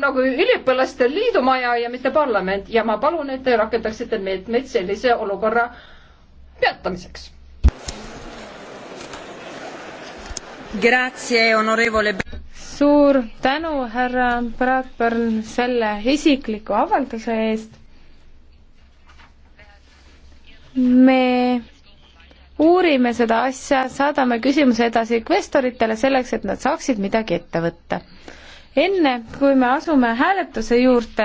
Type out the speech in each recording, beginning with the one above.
nagu üliõpilaste liidumaja ja mitte parlament ja ma palun, et te rakendaksite meetmeid sellise olukorra peatamiseks. suur tänu, härra Bradburn, selle isikliku avalduse eest. me uurime seda asja, saadame küsimuse edasi kvestoritele selleks, et nad saaksid midagi ette võtta enne kui me asume hääletuse juurde,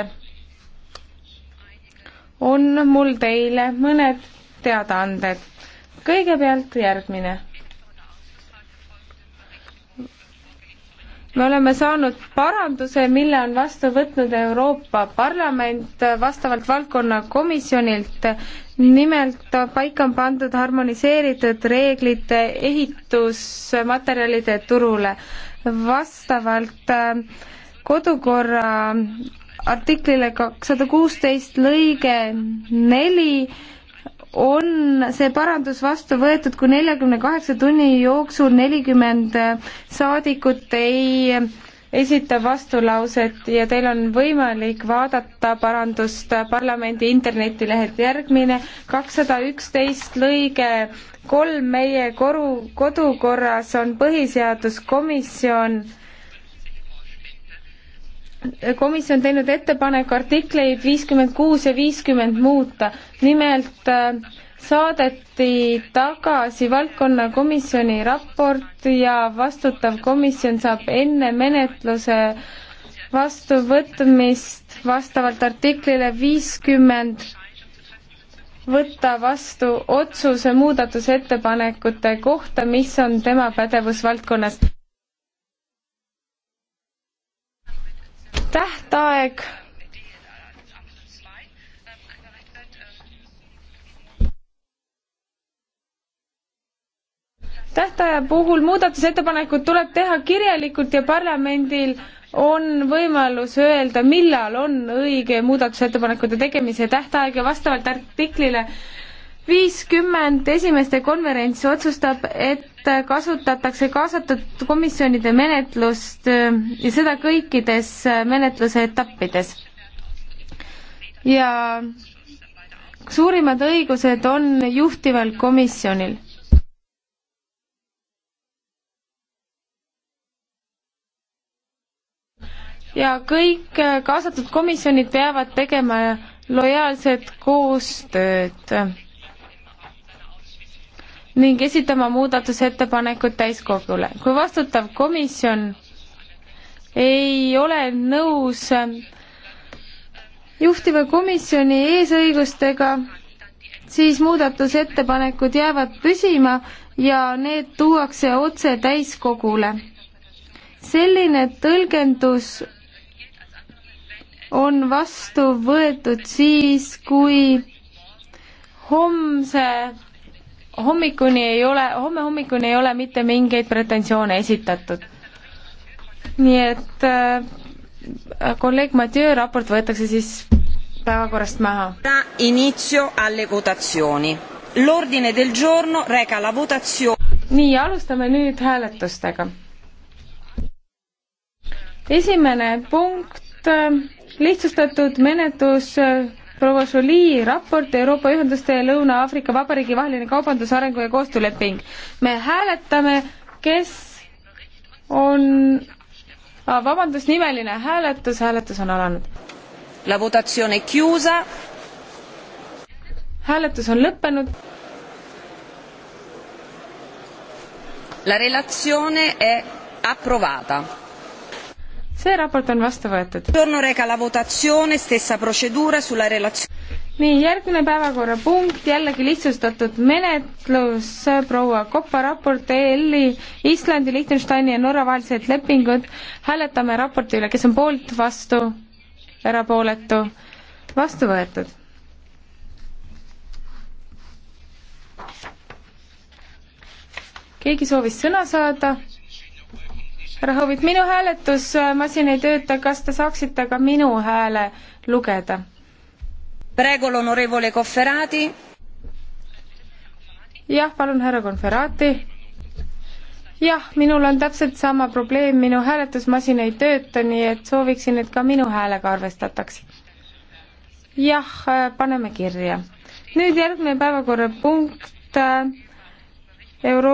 on mul teile mõned teadaanded. kõigepealt järgmine me oleme saanud paranduse, mille on vastu võtnud Euroopa Parlament vastavalt valdkonna komisjonilt. nimelt paika on pandud harmoniseeritud reeglid ehitusmaterjalide turule vastavalt äh, kodukorra artiklile kakssada kuusteist lõige neli on see parandus vastu võetud, kui neljakümne kaheksa tunni jooksul nelikümmend saadikut ei esita vastulauset ja teil on võimalik vaadata parandust parlamendi internetilehelt. järgmine kakssada üksteist lõige kolm meie koru, kodukorras on põhiseaduskomisjon komisjon teinud ettepaneku artikleid viiskümmend kuus ja viiskümmend muuta. nimelt äh, saadeti tagasi valdkonnakomisjoni raport ja vastutav komisjon saab enne menetluse vastuvõtmist vastavalt artiklile viiskümmend võtta vastu otsuse muudatusettepanekute kohta, mis on tema pädevusvaldkonnas tähtaeg tähtaja puhul muudatusettepanekud tuleb teha kirjalikult ja parlamendil on võimalus öelda, millal on õige muudatusettepanekute tegemise tähtaeg ja vastavalt artiklile viiskümmend esimeste konverents otsustab, et kasutatakse kaasatud komisjonide menetlust äh, ja seda kõikides äh, menetluse etappides. ja suurimad õigused on juhtival komisjonil. ja kõik äh, kaasatud komisjonid peavad tegema lojaalset koostööd ning esitama muudatusettepanekud täiskogule. kui vastutav komisjon ei ole nõus ähm, juhtiva komisjoni eesõigustega, siis muudatusettepanekud jäävad püsima ja need tuuakse otse täiskogule. selline tõlgendus on vastu võetud siis, kui homse hommikuni ei ole, homme hommikuni ei ole mitte mingeid pretensioone esitatud. nii et äh, kolleeg Mathieu raport võetakse siis päevakorrast maha. Inizio alle votatsiooni. L'ordine del giorno reca la votazione. nii, alustame nüüd hääletustega. esimene punkt, äh, lihtsustatud menetlus äh, proua Jolie raport Euroopa Ühenduste ja Lõuna-Aafrika Vabariigi vaheline kaubandus, arengu ja koostööleping. me hääletame, kes on, ah, vabandust, nimeline hääletus, hääletus on alanud. La votazione chiusa. hääletus on lõppenud. La relazione è approvata see raport on vastu võetud. nii, järgmine päevakorrapunkt, jällegi lihtsustatud menetlus, proua Koppa raport EL-i, Islandi, Liechtensteini ja Norra vahelised lepingud. hääletame raporti üle, kes on poolt, vastu, erapooletu, vastu võetud. keegi soovis sõna saada? härra Hovid, minu hääletusmasin ei tööta, kas te saaksite ka minu hääle lugeda? praegu on Orivoli konverentsi. jah, palun, härra Konverati. jah, minul on täpselt sama probleem, minu hääletusmasin ei tööta, nii et sooviksin, et ka minu häälega arvestataks. jah, äh, paneme kirja. nüüd järgmine päevakorrapunkt äh, Euroopa